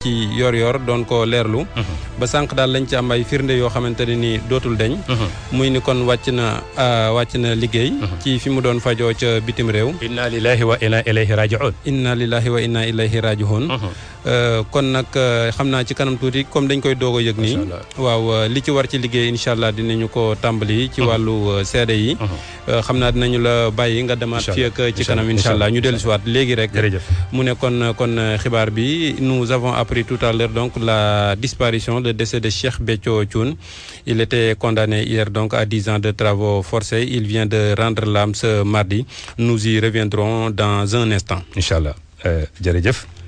ci yor yor doon ko leerlu mhm. ba sànq daal lañ ci am ay firnde yoo xamante ne ni dootul deñ mhm. muy ni kon wàcc na wàcc na liggéey mhm. ci fi mu doon fajoo ca bitim réew inna lillahi wa inna ilayhi raji'un inna lillahi wa inna ilayhi raji'un Euh, kon nak euh, xam naa ci kanam tuuti comme dañ koy doog a yëg nii waaw euh, li ci war ci liggéey incha allah dinañu ko tàmbali ci uh-huh. wàllu seede yi uh-huh. xam naa dinañu la bàyyi nga demaat fii ak ci kanam incha allah ñu dellu si waat léegi rek mu ne kon kon xibaar bi nous avons appris tout à l'heure donc la disparition le décès de Cheikh Béthio Thioune il était condamné hier donc à 10 ans de travaux forcés il vient de rendre l'âme ce mardi nous y reviendrons dans un instant incha allah jërëjëf